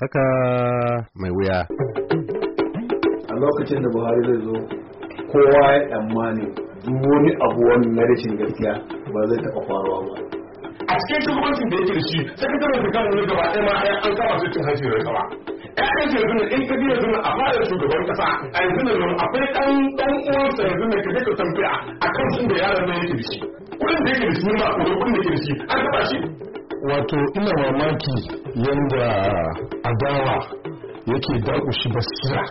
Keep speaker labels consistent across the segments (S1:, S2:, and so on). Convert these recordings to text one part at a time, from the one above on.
S1: Saka mai wuya.
S2: A lokacin da Buhari zai zo, kowa ya tsammani duk wani abu wani na rashin gaskiya ba zai taɓa faruwa ba. A cikin shugabancin da yake da shi, sai sakataren da kan wani gaba ɗaya ma an kama su cin hanci da rikawa. ‘Ya'yan shi yanzu in ka biya zuna a fadar shugaban kasa a yanzu na nan akwai ɗan ɗan uwansa yanzu ne ka je ka tambaya a kan sun da yaran nan yake da shi. Kuɗin da yake da shi ne ba kuɗin da yake da shi an taɓa shi. wato ina mamaki yadda adawa yake dakushi basira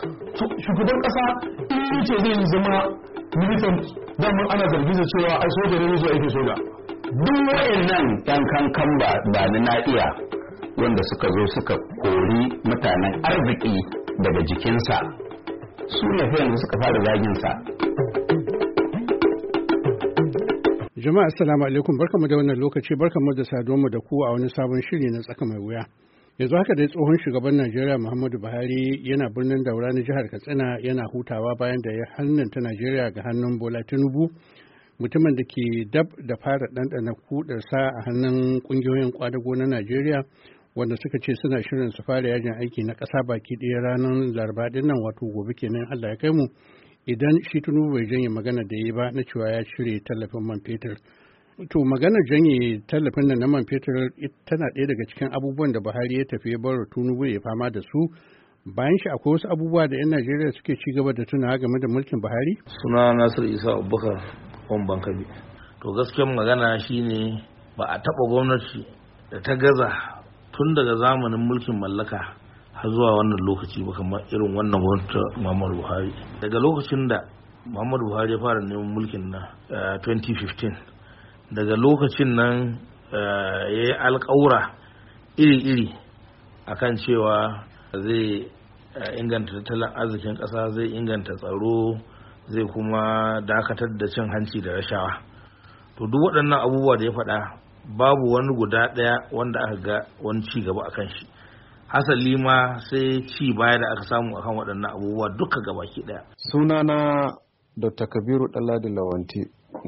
S2: shugaban kasa in ce zai zama militan damar ana zargi da cewa a soja ne zuwa yake soja duk wayannan yan kankan ba ni na iya wanda suka zo suka kori mutanen arziki daga jikinsa su ne suka fara zaginsa
S1: Jama'a assalamu alaikum barkamu da wannan lokaci barkamu da mu da ku a wani sabon shiri na tsaka mai wuya. Yanzu haka dai tsohon shugaban Najeriya Muhammadu Buhari yana birnin daura na jihar Katsina yana hutawa bayan da ya hannunta Najeriya ga hannun Bola Tinubu mutumin da ke dab da fara ɗanɗana kudarsa a hannun ƙungiyoyin kwadago na Najeriya wanda suka ce suna shirin su fara yajin aiki na ƙasa baki ɗaya ranar laraba nan wato gobe kenan Allah ya kai mu idan shi tunu bai janye magana da yi ba na cewa ya cire tallafin man fetur to magana janye tallafin nan na man fetur tana ɗaya daga cikin abubuwan da buhari ya tafi bar tunu ya fama da su bayan shi akwai wasu abubuwa da 'yan najeriya suke ci gaba da tunawa game da mulkin buhari
S2: suna nasir isa abubakar on bankabi to gaskiyar magana shine ba a taɓa gwamnati da ta gaza tun daga zamanin mulkin mallaka har zuwa wannan lokaci ba kamar irin wannan wata Muhammadu Buhari daga lokacin da Muhammadu Buhari ya fara neman mulkin na 2015 eh, daga lokacin nan eh, ya yi alƙawura iri-iri akan cewa zai eh, inganta tattalin arzikin ƙasa zai inganta tsaro zai kuma dakatar da cin hanci da rashawa to duk waɗannan abubuwa da ya faɗa babu wani guda ɗaya wanda aka ga wani ci gaba kan shi hasali ma sai ci baya da aka samu akan waɗannan abubuwa duka gabaki ɗaya
S1: sunana dr kabiru ɗaladi lawanti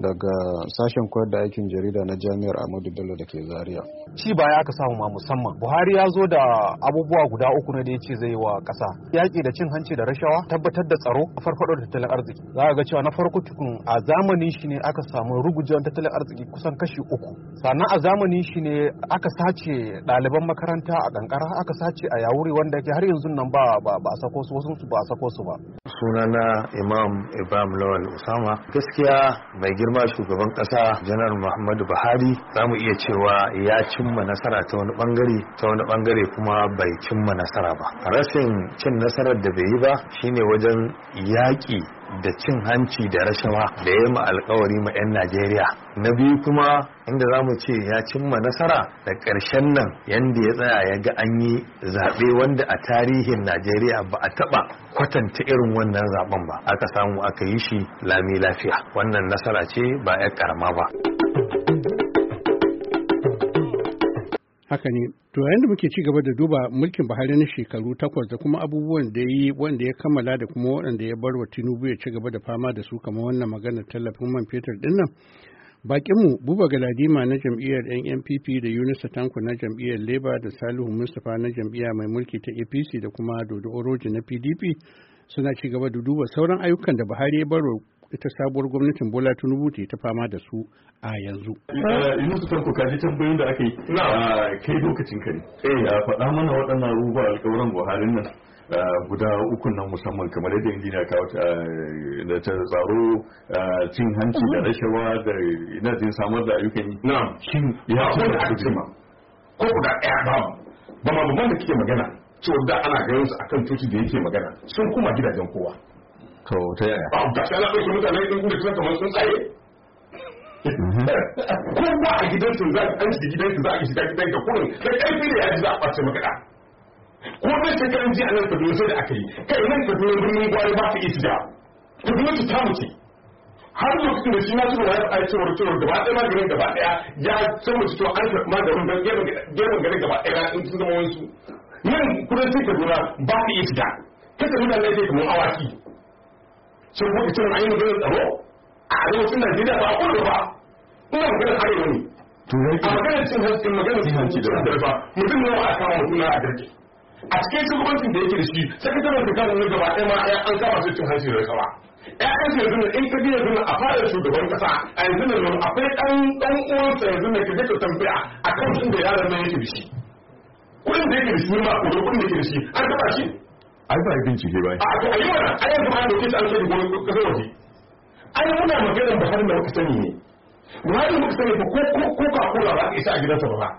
S1: daga sashen koyar da aikin jarida na jami'ar Ahmadu Bello da ke Zaria.
S2: Ci baya aka samu ma musamman. Buhari ya zo da abubuwa guda uku na da ya ce zai wa ƙasa. Yaƙi da cin hanci da rashawa, tabbatar da tsaro, A farfaɗo da tattalin arziki. Za ga cewa na farko tukun a zamanin shi ne aka samu rugujewar tattalin arziki kusan kashi uku. Sannan a zamanin shi ne aka sace ɗaliban makaranta a ƙanƙara aka sace a yawuri wanda ke har yanzu nan ba a sako su wasu ba a sako su ba. Sunana Imam Ibrahim Lawal Usama gaskiya bai mai girma shugaban kasa janar muhammadu buhari za mu iya cewa ya cimma nasara ta wani bangare ta wani bangare kuma bai cimma nasara ba rashin cin nasarar da bai yi ba shine wajen yaƙi da cin hanci da rashawa da ya ma alkawari ma 'yan Najeriya. Na biyu kuma inda za mu ce ya cimma nasara da ƙarshen nan yadda ya tsaya ya ga an yi zaɓe wanda a tarihin Najeriya ba a taɓa kwatanta irin wannan zaɓen ba. Aka samu aka yi shi lami lafiya. Wannan nasara ce ba 'yar ƙarama ba.
S1: haka ne to yayin da muke ci gaba da duba mulkin buhari na shekaru takwas da kuma abubuwan da ya yi wanda ya kammala da kuma waɗanda ya bar wa tinubu ya ci gaba da fama da su kamar wannan maganar tallafin man fetur din nan bakinmu buba galadima na jam'iyyar npp da unisa tanko na jam'iyyar labour da salihu mustapha na jam'iyya mai mulki ta apc da kuma dodo oroji na pdp suna ci gaba da duba sauran ayyukan da buhari ya baro ita sabuwar gwamnatin Bola Tinubu ce ta fama da su a yanzu. Eh, Yusuf Tanko
S2: ka ji tambayoyin da aka yi ah, kai lokacin
S1: ka ne. Eh faɗa mana waɗannan abubuwa
S2: alƙawuran Buhari nan ah, guda uku nan musamman kamar yadda injiniya kawo ah, da ta tsaro cin hanci da mhm. rashawa da ina jin samar da ayyukan yi. Na shin ya ce da aka cima. ko guda ɗaya babu ba ma babban da kike magana cewa da ana ganin a kan coci da yake magana sun kuma gidajen kowa. to ta yaya ba ga kana ɗauki mutane ɗin kuma kuma kamar sun tsaye ba a gidansu za an shiga gidansu za a shiga gidanka kurin da ƙarfi da yaji za a ɓace maka ko da shekaran jiya nan kaduna sai da a kai nan kaduna birnin gwari ba ta iya shiga su ta mutu har lokacin da shi na a ya faɗa cewar cewar gaba ɗaya maganin gaba ɗaya ya san mutu cewa an karɓi maganin garin gaba ɗaya in sun zama nan kudancin ba ta iya shiga kasa mutane ne kamar awaki sun kuma cewa an yi tsaro a arewacin najeriya ba a kudu ba kuma maganar arewa ne a maganar cin hanci maganar cin hanci da wanda ba mutum ne a kama mutum na a garke a cikin shugabancin da yake da shi sakataren da kasa na gaba ɗaya ma an kama su cin hanci da rasawa ƴaƴan shi yanzu in ka biya yanzu a fara shugaban kasa a yanzu da nan akwai ɗan ɗan uwansa yanzu ne ka je tambaya a kan inda yaran nan yake da shi kuɗin da yake da shi ma kuɗin da yake da shi an taɓa shi ai ba bincike ba a yi mana a yanzu ma an dauke shi an shaidi gurin kasar waje ai muna maganar buhari da muka sani ne buhari muka sani ba ko ko ka kula ba isa a gidansa ba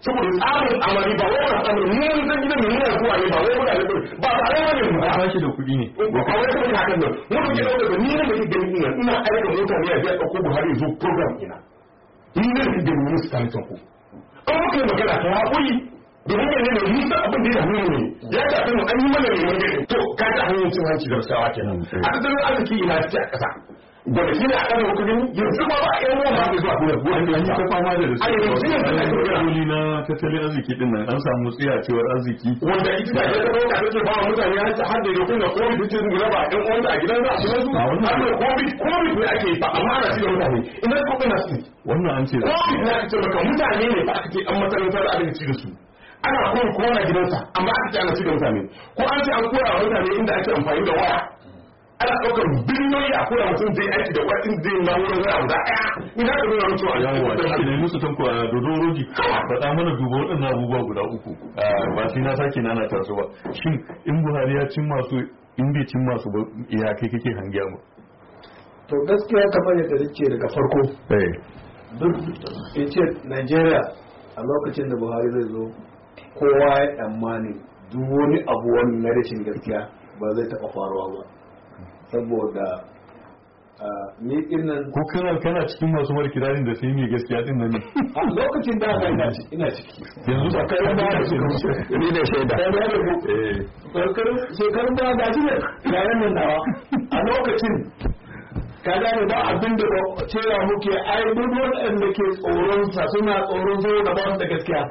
S2: saboda tsarin amari ba wani tsarin ne wani zan gidan miliyan zuwa ne ba wai wani alibir ba ba rai wani ba ba shi da kuɗi ne ba ba wai kuma hakan nan wani ke ɗauka ni ne mai gani ina ina aika mota ne a biya ɗauko buhari zo program ina ni ne mai gani ne su tare ku an muka yi magana ta haƙuri da hanyar ne mai musa abin da ya damu ne ya ta sanu an yi mana to ka ta hanyar cin hanci da rasawa kenan mm. a arziki ina a ƙasa na ƙasa da kudin yanzu ba a kuma an yi da rasu a yanzu ake na tattalin arziki din nan an samu tsiyacewar arziki wanda ita da ya zama ba bawa mutane har ta hadda da kuma covid zuwa ba a gidan za a su har da ake ba amma mutane na su wannan an ce ce mutane ne ce an da abinci da su ana koyi kowa na gidansa amma an ce ana ci da mutane ko an ce an koya wa mutane inda ake amfani da waya ana ɗaukar biliyoyi a koya mutum zai aiki da wajen zai ma wurin waya guda ɗaya ina ka nuna mutum a yawon su tanko a dodo roji faɗa mana duba waɗannan abubuwa guda uku ah, ba shi na sake nana taso ba shin in buhari ya cin masu in bai cin masu ba ya kai kake hangiya eh. a kowa ya tsammani duk wani abu wani na rashin gaskiya ba zai taɓa faruwa ba saboda ni dinnan ko kana kana cikin masu markirarin da sai ne gaskiya din nan ne a lokacin da ina ciki ina ciki yanzu ba kai ba ni da shaida eh. shekarun da ga shi ne ga nan dawa a lokacin ka gane ba abin da cewa muke ai duk wanda ke tsoron sa suna tsoron zo da ba da gaskiya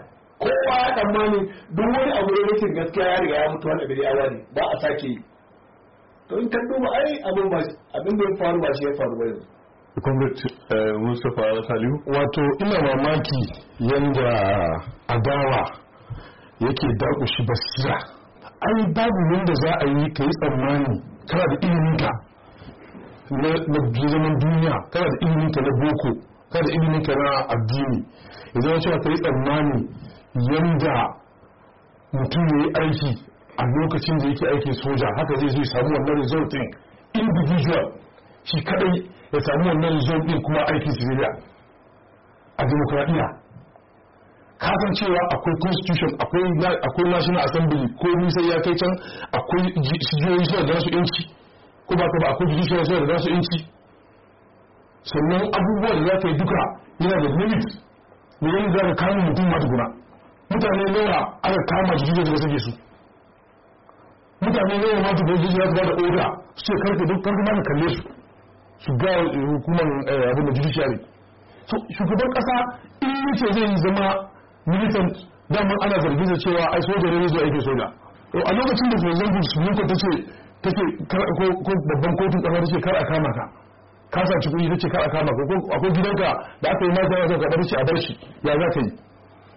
S2: kowa ya tsammanin duk wani abu da rashin gaskiya ya riga ya mutu wani abu yawa ne ba a sake yi to in ka duba ai abin ba abin da ya faru ba shi ya faru ba yanzu Comrade eh, Mustapha Saliu wato ina mamaki yanda adawa yake shi basira ai babu wanda za a yi ka yi tsammani kana da iliminka na zaman duniya kana da iliminka na boko kada ilimin ka na addini idan ya ce ka yi tsammani yanda mutum ya yi aiki a lokacin da yake aiki soja haka zai zo ya samu wannan result din individual shi kadai ya samu wannan result din kuma aiki civilian a demokradiyya kasan cewa akwai constitution akwai national assembly ko nisan ya kai can akwai jijiyoyi suna da nasu inci ko ba ka ba akwai judiciary suna da nasu inci sannan abubuwan da za ka yi duka yana da limit ne yanzu za ka kamun mutum guna. mutane nawa aka kama jiki da suka suke su mutane nawa ma tuba jiya ta bada oda su ce karfe duk farko ma kalle su su ga eh, hukumar eh, abin da shari. so shugaban kasa in yace zai zama militant dama ana zargin cewa ai soja ne zuwa aikin soja to a lokacin da president Bush ta ce take ko babban kotun kasa take kar a kama ka ka saci kuɗi take kar a kama ka ko akwai gidanka da aka yi mata ya zo ka bar shi a bar shi ya za ka yi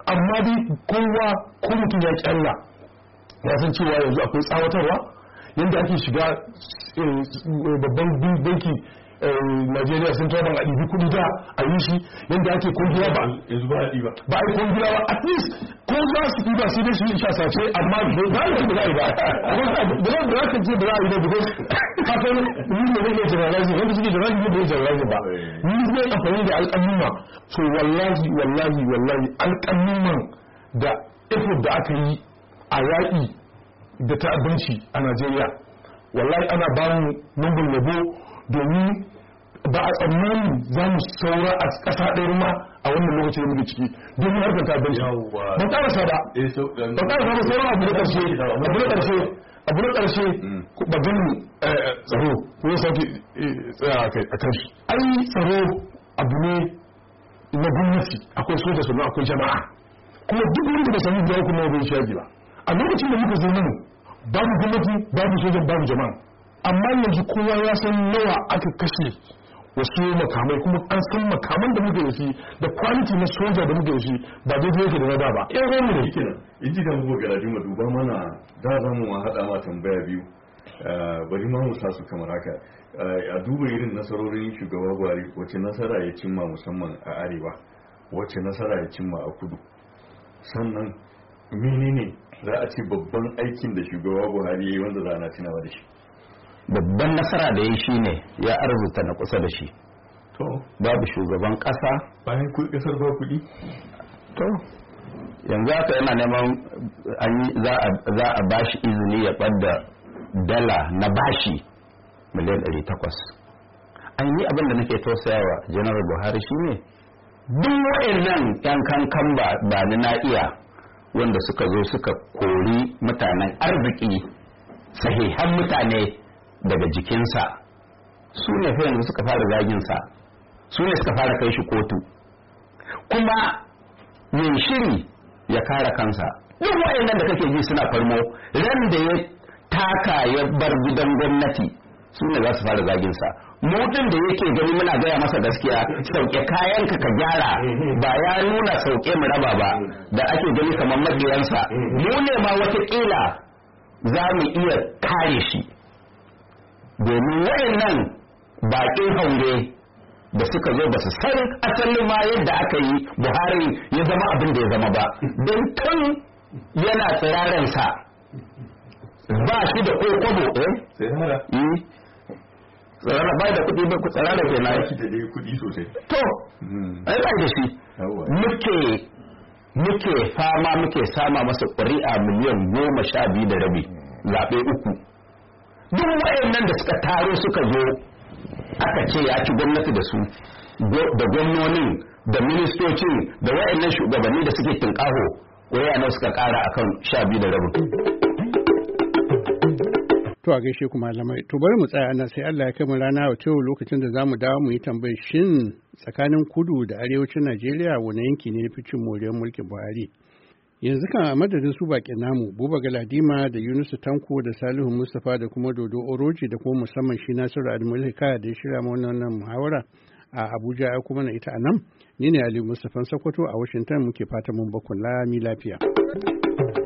S2: amma dai kowa ko ya kyalla ya san cewa yanzu akwai tsawatarwa yadda ake shiga eh, babban banki eh, Najeriya sun taɓa a ɗibi da a yi shi yadda ake kungiya ba ba a yi kungiya ba at least ko za su ɗiba sai dai su yi shasace amma ba za a yi ba za a yi ba za a yi ba za a yi ba fatan ni ne zai wanda suke ba ni zai amfani da alƙaluma to wallahi wallahi wallahi alƙaluman da effort da aka yi a yaƙi da ta abinci a Najeriya wallahi ana ba mu numbar yabo domin ba a tsammani za mu saura a ƙasa ɗaya ma a wannan lokacin da muke ciki don mu harkar kafin ba rasa ba eh, ba rasa ba sauran abu na ƙarshe abu na ƙarshe abu na ƙarshe ba gan eh, tsaro ko ya sauke eh, tsaya a Kai. shi ai tsaro abu ne na gwamnati akwai soja sannan akwai jama'a kuma duk wani da sami biyar kuma wani shi ba a lokacin da muka zo nan babu gwamnati babu sojan babu jama'a amma yanzu kowa ya san nawa aka kashe wasu makamai kuma an san makaman da muke da shi da kwaliti na soja da muke da shi ba daidai yake da na ba yan gwamnati da yake in ji kamar gobe rajin duba mana da za mu haɗa ma tambaya biyu eh, bari ma mu su kamar haka eh, a duba irin nasarorin shugaba buhari wacce nasara ya cimma musamman a arewa Wacce nasara ya cimma a kudu sannan menene za a ce babban aikin da shugaba buhari ya yi wanda za a na tunawa da shi babban nasara da ya shi ne ya arzuta na kusa da shi babu shugaban kasa bayan kuɗi kasar ba kuɗi to yanzu haka yana neman za a bashi izini ya ɓadda dala na bashi miliyan 800 an yi abin da nake tausayawa janar buhari shi shine duk wa'annan yan kankan ba ni na iya wanda suka zo suka kori mutanen arziki sahihan mutane daga jikinsa su ne fa yanzu suka fara zaginsa su ne suka fara kai shi kotu kuma yin shiri ya kara kansa duk wayannan da kake ji suna farmo ran da ya taka ya bar gidan gwamnati su ne za su fara zaginsa mutum da yake gani muna gaya masa gaskiya sauke kayan ka gyara ba ya nuna sauke mu raba ba da ake gani kamar mabiyansa mu ne ma wata kila za mu iya kare shi domin wayannan bakin haure da suka zo ba su san asalin ma yadda aka yi buhari ya zama abin da ya zama ba don kan yana tsirarensa ba shi da kokobo eh? eh tsirara ba da kudi ba ku tsirara ke na yaki da dai kudi sosai to hmm. ai ba da shi muke muke fama muke sama masa ƙuri'a miliyan goma sha biyu da rabi zaɓe uku duk wayannan da suka taro suka zo aka ce ya ci gwamnati da su da gwamnonin da ministocin da wayannan shugabanni da suke tinkaho na suka kara akan sha biyu da rabin
S1: To a gaishe ku malamai, to bari mu tsaya ana sai Allah ya kai mu rana wa yau lokacin da zamu dawo mu yi tambayi shin tsakanin kudu da arewacin Najeriya wani yanki ne na fi cin moriyar mulkin Buhari? yanzu kan a madadin su baƙin namu buba galadima da yunusu tanko da salihu mustapha da kuma dodo oroji da kuma musamman shi nasiru hikaya da ya shirya mana wannan muhawara a abuja ya kuma na ita a nan ni ne ali mustapha sokoto a washington muke fata mun bakun lami lafiya